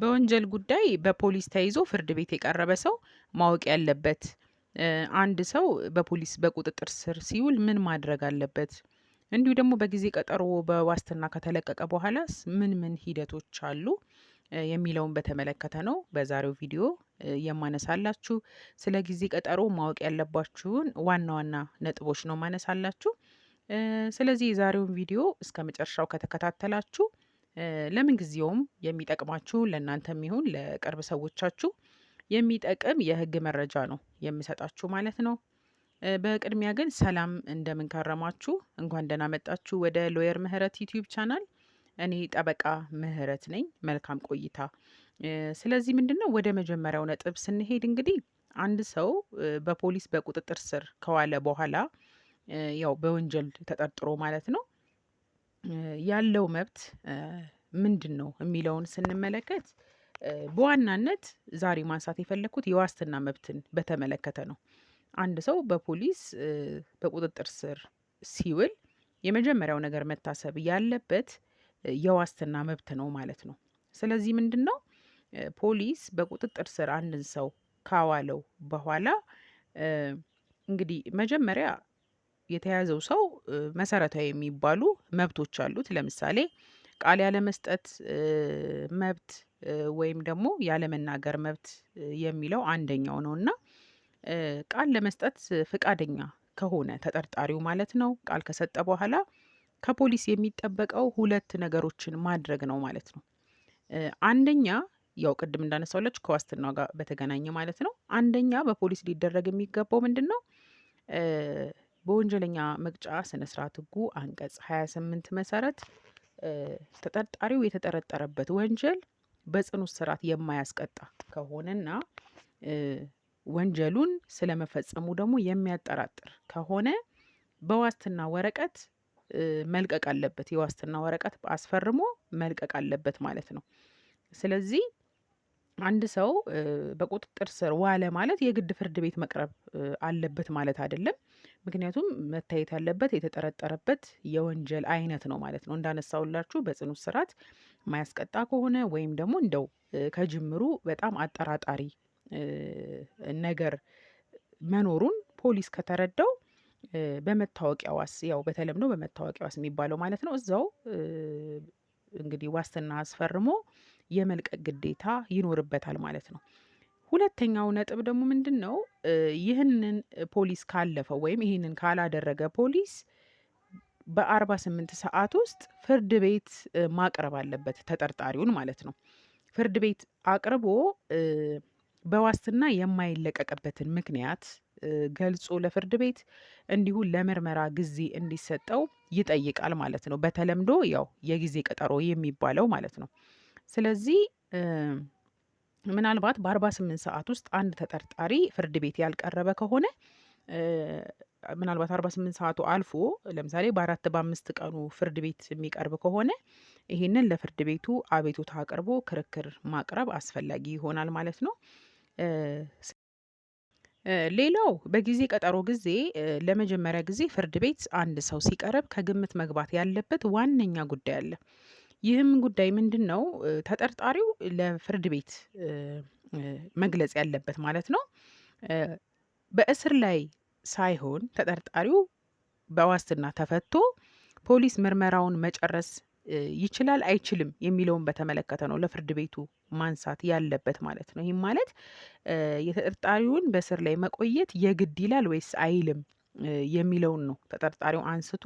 በወንጀል ጉዳይ በፖሊስ ተይዞ ፍርድ ቤት የቀረበ ሰው ማወቅ ያለበት አንድ ሰው በፖሊስ በቁጥጥር ስር ሲውል ምን ማድረግ አለበት፣ እንዲሁ ደግሞ በጊዜ ቀጠሮ በዋስትና ከተለቀቀ በኋላስ ምን ምን ሂደቶች አሉ የሚለውን በተመለከተ ነው በዛሬው ቪዲዮ የማነሳላችሁ። ስለ ጊዜ ቀጠሮ ማወቅ ያለባችሁን ዋና ዋና ነጥቦች ነው ማነሳላችሁ። ስለዚህ የዛሬውን ቪዲዮ እስከ መጨረሻው ከተከታተላችሁ ለምን ጊዜውም የሚጠቅማችሁ ለእናንተም ይሁን ለቅርብ ሰዎቻችሁ የሚጠቅም የህግ መረጃ ነው የምሰጣችሁ ማለት ነው። በቅድሚያ ግን ሰላም እንደምንከረማችሁ እንኳን ደህና መጣችሁ ወደ ሎየር ምህረት ዩቲዩብ ቻናል። እኔ ጠበቃ ምህረት ነኝ። መልካም ቆይታ። ስለዚህ ምንድን ነው ወደ መጀመሪያው ነጥብ ስንሄድ እንግዲህ አንድ ሰው በፖሊስ በቁጥጥር ስር ከዋለ በኋላ ያው በወንጀል ተጠርጥሮ ማለት ነው ያለው መብት ምንድን ነው የሚለውን ስንመለከት በዋናነት ዛሬ ማንሳት የፈለግኩት የዋስትና መብትን በተመለከተ ነው። አንድ ሰው በፖሊስ በቁጥጥር ስር ሲውል የመጀመሪያው ነገር መታሰብ ያለበት የዋስትና መብት ነው ማለት ነው። ስለዚህ ምንድን ነው ፖሊስ በቁጥጥር ስር አንድን ሰው ካዋለው በኋላ እንግዲህ መጀመሪያ የተያዘው ሰው መሰረታዊ የሚባሉ መብቶች አሉት። ለምሳሌ ቃል ያለመስጠት መብት ወይም ደግሞ ያለመናገር መብት የሚለው አንደኛው ነው እና ቃል ለመስጠት ፈቃደኛ ከሆነ ተጠርጣሪው ማለት ነው ቃል ከሰጠ በኋላ ከፖሊስ የሚጠበቀው ሁለት ነገሮችን ማድረግ ነው ማለት ነው። አንደኛ ያው ቅድም እንዳነሳውላችሁ ከዋስትናው ጋር በተገናኘ ማለት ነው። አንደኛ በፖሊስ ሊደረግ የሚገባው ምንድን ነው? በወንጀለኛ መቅጫ ስነ ስርዓት ህጉ አንቀጽ 28 መሰረት ተጠርጣሪው የተጠረጠረበት ወንጀል በጽኑ እስራት የማያስቀጣ ከሆነና ወንጀሉን ስለመፈጸሙ ደግሞ የሚያጠራጥር ከሆነ በዋስትና ወረቀት መልቀቅ አለበት። የዋስትና ወረቀት አስፈርሞ መልቀቅ አለበት ማለት ነው። ስለዚህ አንድ ሰው በቁጥጥር ስር ዋለ ማለት የግድ ፍርድ ቤት መቅረብ አለበት ማለት አይደለም። ምክንያቱም መታየት ያለበት የተጠረጠረበት የወንጀል አይነት ነው ማለት ነው። እንዳነሳውላችሁ በጽኑ እስራት ማያስቀጣ ከሆነ ወይም ደግሞ እንደው ከጅምሩ በጣም አጠራጣሪ ነገር መኖሩን ፖሊስ ከተረዳው በመታወቂያ ዋስ ያው በተለምዶ በመታወቂያ ዋስ የሚባለው ማለት ነው እዛው እንግዲህ ዋስትና አስፈርሞ የመልቀቅ ግዴታ ይኖርበታል ማለት ነው። ሁለተኛው ነጥብ ደግሞ ምንድን ነው? ይህንን ፖሊስ ካለፈው ወይም ይህንን ካላደረገ ፖሊስ በአርባ ስምንት ሰዓት ውስጥ ፍርድ ቤት ማቅረብ አለበት ተጠርጣሪውን ማለት ነው። ፍርድ ቤት አቅርቦ በዋስትና የማይለቀቅበትን ምክንያት ገልጾ ለፍርድ ቤት እንዲሁም ለምርመራ ጊዜ እንዲሰጠው ይጠይቃል ማለት ነው። በተለምዶ ያው የጊዜ ቀጠሮ የሚባለው ማለት ነው። ስለዚህ ምናልባት በአርባ ስምንት ሰዓት ውስጥ አንድ ተጠርጣሪ ፍርድ ቤት ያልቀረበ ከሆነ ምናልባት ስምንት ሰዓቱ አልፎ ለምሳሌ በአራት በአምስት ቀኑ ፍርድ ቤት የሚቀርብ ከሆነ ይህንን ለፍርድ ቤቱ አቤቱታ አቅርቦ ክርክር ማቅረብ አስፈላጊ ይሆናል ማለት ነው። ሌላው በጊዜ ቀጠሮ ጊዜ ለመጀመሪያ ጊዜ ፍርድ ቤት አንድ ሰው ሲቀርብ ከግምት መግባት ያለበት ዋነኛ ጉዳይ አለ። ይህም ጉዳይ ምንድን ነው ተጠርጣሪው ለፍርድ ቤት መግለጽ ያለበት ማለት ነው። በእስር ላይ ሳይሆን ተጠርጣሪው በዋስትና ተፈቶ ፖሊስ ምርመራውን መጨረስ ይችላል አይችልም የሚለውን በተመለከተ ነው ለፍርድ ቤቱ ማንሳት ያለበት ማለት ነው። ይህም ማለት የተጠርጣሪውን በእስር ላይ መቆየት የግድ ይላል ወይስ አይልም የሚለውን ነው ተጠርጣሪው አንስቶ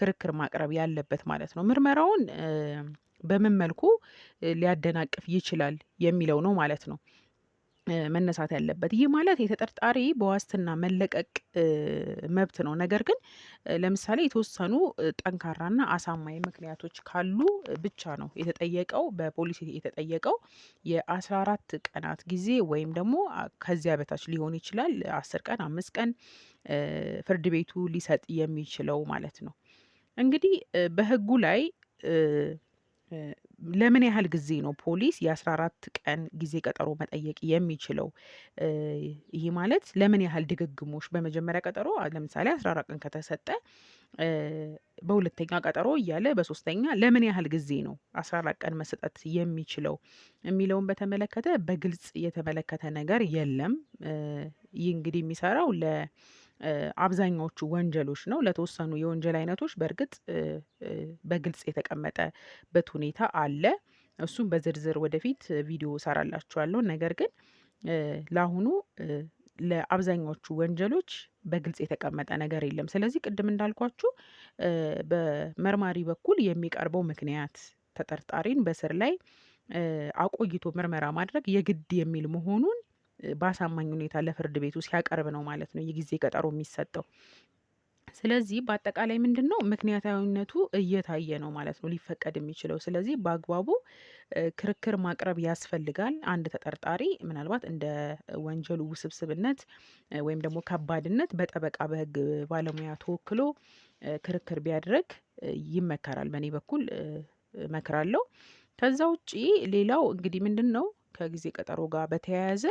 ክርክር ማቅረብ ያለበት ማለት ነው። ምርመራውን በምን መልኩ ሊያደናቅፍ ይችላል የሚለው ነው ማለት ነው። መነሳት ያለበት። ይህ ማለት የተጠርጣሪ በዋስትና መለቀቅ መብት ነው። ነገር ግን ለምሳሌ የተወሰኑ ጠንካራና አሳማኝ ምክንያቶች ካሉ ብቻ ነው የተጠየቀው በፖሊስ የተጠየቀው የአስራ አራት ቀናት ጊዜ ወይም ደግሞ ከዚያ በታች ሊሆን ይችላል አስር ቀን አምስት ቀን ፍርድ ቤቱ ሊሰጥ የሚችለው ማለት ነው። እንግዲህ በህጉ ላይ ለምን ያህል ጊዜ ነው ፖሊስ የአስራ 14 ቀን ጊዜ ቀጠሮ መጠየቅ የሚችለው? ይሄ ማለት ለምን ያህል ድግግሞሽ በመጀመሪያ ቀጠሮ ለምሳሌ 14 ቀን ከተሰጠ በሁለተኛ ቀጠሮ እያለ በሶስተኛ ለምን ያህል ጊዜ ነው 14 ቀን መሰጠት የሚችለው የሚለውን በተመለከተ በግልጽ የተመለከተ ነገር የለም። ይህ እንግዲህ የሚሰራው ለ አብዛኛዎቹ ወንጀሎች ነው። ለተወሰኑ የወንጀል አይነቶች በእርግጥ በግልጽ የተቀመጠበት ሁኔታ አለ። እሱም በዝርዝር ወደፊት ቪዲዮ እሰራላችኋለሁ። ነገር ግን ለአሁኑ ለአብዛኛዎቹ ወንጀሎች በግልጽ የተቀመጠ ነገር የለም። ስለዚህ ቅድም እንዳልኳችሁ በመርማሪ በኩል የሚቀርበው ምክንያት ተጠርጣሪን በስር ላይ አቆይቶ ምርመራ ማድረግ የግድ የሚል መሆኑን በአሳማኝ ሁኔታ ለፍርድ ቤቱ ሲያቀርብ ነው ማለት ነው የጊዜ ቀጠሮ የሚሰጠው። ስለዚህ በአጠቃላይ ምንድን ነው ምክንያታዊነቱ እየታየ ነው ማለት ነው ሊፈቀድ የሚችለው። ስለዚህ በአግባቡ ክርክር ማቅረብ ያስፈልጋል። አንድ ተጠርጣሪ ምናልባት እንደ ወንጀሉ ውስብስብነት ወይም ደግሞ ከባድነት በጠበቃ በህግ ባለሙያ ተወክሎ ክርክር ቢያደርግ ይመከራል። በእኔ በኩል እመክራለሁ። ከዛ ውጪ ሌላው እንግዲህ ምንድን ነው ከጊዜ ቀጠሮ ጋር በተያያዘ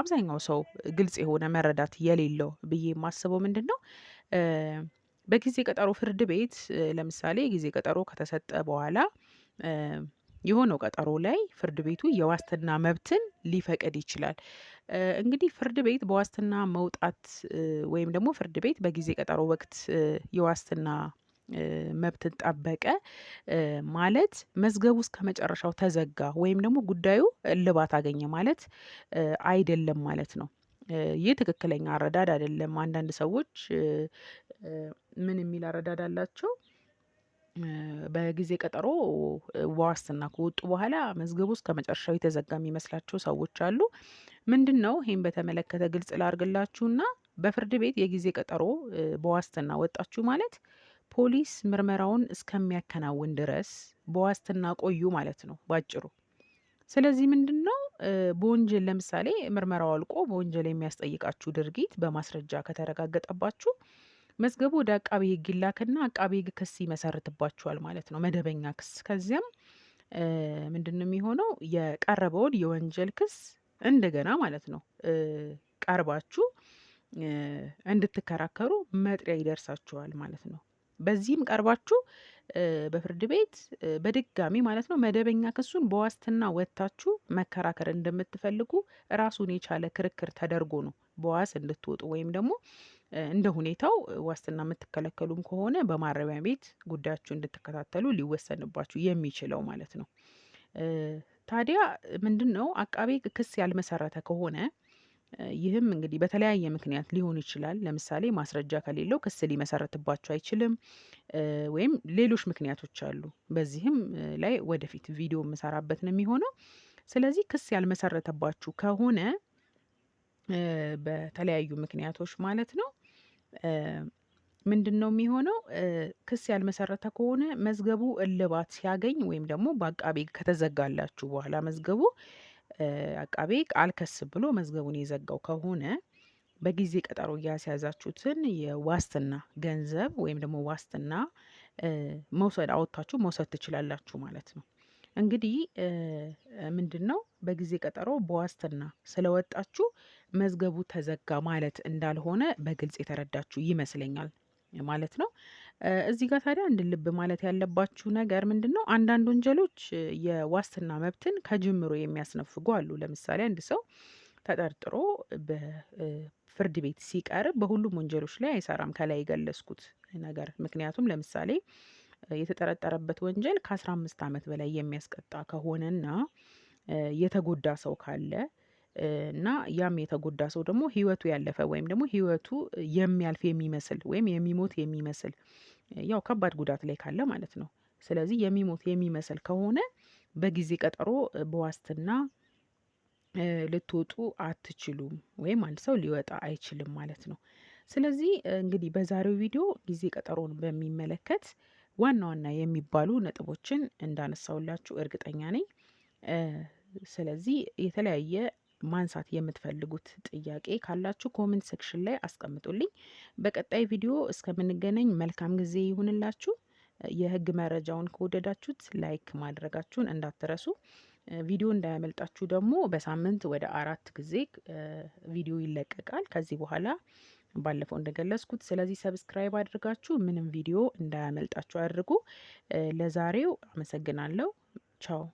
አብዛኛው ሰው ግልጽ የሆነ መረዳት የሌለው ብዬ የማስበው ምንድን ነው በጊዜ ቀጠሮ ፍርድ ቤት ለምሳሌ ጊዜ ቀጠሮ ከተሰጠ በኋላ የሆነው ቀጠሮ ላይ ፍርድ ቤቱ የዋስትና መብትን ሊፈቅድ ይችላል። እንግዲህ ፍርድ ቤት በዋስትና መውጣት ወይም ደግሞ ፍርድ ቤት በጊዜ ቀጠሮ ወቅት የዋስትና መብት ጠበቀ ማለት መዝገቡ እስከ መጨረሻው ተዘጋ ወይም ደግሞ ጉዳዩ እልባት አገኘ ማለት አይደለም ማለት ነው። ይህ ትክክለኛ አረዳድ አይደለም። አንዳንድ ሰዎች ምን የሚል አረዳድ አላቸው? በጊዜ ቀጠሮ ዋስትና ከወጡ በኋላ መዝገቡ ከመጨረሻው የተዘጋ የሚመስላቸው ሰዎች አሉ። ምንድነው? ይህም በተመለከተ ግልጽ ላርግላችሁና በፍርድ ቤት የጊዜ ቀጠሮ በዋስትና ወጣችሁ ማለት ፖሊስ ምርመራውን እስከሚያከናውን ድረስ በዋስትና ቆዩ ማለት ነው ባጭሩ። ስለዚህ ምንድን ነው በወንጀል ለምሳሌ ምርመራው አልቆ በወንጀል የሚያስጠይቃችሁ ድርጊት በማስረጃ ከተረጋገጠባችሁ መዝገቡ ወደ አቃቤ ሕግ ይላክና አቃቤ ሕግ ክስ ይመሰርትባችኋል ማለት ነው። መደበኛ ክስ። ከዚያም ምንድን ነው የሚሆነው የቀረበውን የወንጀል ክስ እንደገና ማለት ነው ቀርባችሁ እንድትከራከሩ መጥሪያ ይደርሳችኋል ማለት ነው። በዚህም ቀርባችሁ በፍርድ ቤት በድጋሚ ማለት ነው መደበኛ ክሱን በዋስትና ወጥታችሁ መከራከር እንደምትፈልጉ ራሱን የቻለ ክርክር ተደርጎ ነው በዋስ እንድትወጡ ወይም ደግሞ እንደ ሁኔታው ዋስትና የምትከለከሉም ከሆነ በማረሚያ ቤት ጉዳያችሁ እንድትከታተሉ ሊወሰንባችሁ የሚችለው ማለት ነው። ታዲያ ምንድን ነው አቃቤ ክስ ያልመሰረተ ከሆነ ይህም እንግዲህ በተለያየ ምክንያት ሊሆን ይችላል። ለምሳሌ ማስረጃ ከሌለው ክስ ሊመሰረትባቸው አይችልም። ወይም ሌሎች ምክንያቶች አሉ። በዚህም ላይ ወደፊት ቪዲዮ የምሰራበት ነው የሚሆነው። ስለዚህ ክስ ያልመሰረተባችሁ ከሆነ በተለያዩ ምክንያቶች ማለት ነው ምንድን ነው የሚሆነው? ክስ ያልመሰረተ ከሆነ መዝገቡ እልባት ሲያገኝ ወይም ደግሞ በአቃቤ ከተዘጋላችሁ በኋላ መዝገቡ አቃቤ አልከስ ብሎ መዝገቡን የዘጋው ከሆነ በጊዜ ቀጠሮ እያስያዛችሁትን የዋስትና ገንዘብ ወይም ደግሞ ዋስትና መውሰድ አወጥታችሁ መውሰድ ትችላላችሁ ማለት ነው። እንግዲህ ምንድን ነው በጊዜ ቀጠሮ በዋስትና ስለወጣችሁ መዝገቡ ተዘጋ ማለት እንዳልሆነ በግልጽ የተረዳችሁ ይመስለኛል ማለት ነው። እዚህ ጋር ታዲያ አንድ ልብ ማለት ያለባችሁ ነገር ምንድን ነው? አንዳንድ ወንጀሎች የዋስትና መብትን ከጅምሮ የሚያስነፍጉ አሉ። ለምሳሌ አንድ ሰው ተጠርጥሮ በፍርድ ቤት ሲቀርብ በሁሉም ወንጀሎች ላይ አይሰራም፣ ከላይ የገለጽኩት ነገር። ምክንያቱም ለምሳሌ የተጠረጠረበት ወንጀል ከአስራ አምስት ዓመት በላይ የሚያስቀጣ ከሆነና የተጎዳ ሰው ካለ እና ያም የተጎዳ ሰው ደግሞ ህይወቱ ያለፈ ወይም ደግሞ ህይወቱ የሚያልፍ የሚመስል ወይም የሚሞት የሚመስል ያው ከባድ ጉዳት ላይ ካለ ማለት ነው። ስለዚህ የሚሞት የሚመስል ከሆነ በጊዜ ቀጠሮ በዋስትና ልትወጡ አትችሉም ወይም አንድ ሰው ሊወጣ አይችልም ማለት ነው። ስለዚህ እንግዲህ በዛሬው ቪዲዮ ጊዜ ቀጠሮን በሚመለከት ዋና ዋና የሚባሉ ነጥቦችን እንዳነሳውላችሁ እርግጠኛ ነኝ። ስለዚህ የተለያየ ማንሳት የምትፈልጉት ጥያቄ ካላችሁ ኮሜንት ሴክሽን ላይ አስቀምጡልኝ። በቀጣይ ቪዲዮ እስከምንገናኝ መልካም ጊዜ ይሁንላችሁ። የህግ መረጃውን ከወደዳችሁት ላይክ ማድረጋችሁን እንዳትረሱ። ቪዲዮ እንዳያመልጣችሁ ደግሞ በሳምንት ወደ አራት ጊዜ ቪዲዮ ይለቀቃል ከዚህ በኋላ ባለፈው እንደገለጽኩት። ስለዚህ ሰብስክራይብ አድርጋችሁ ምንም ቪዲዮ እንዳያመልጣችሁ አድርጉ። ለዛሬው አመሰግናለሁ። ቻው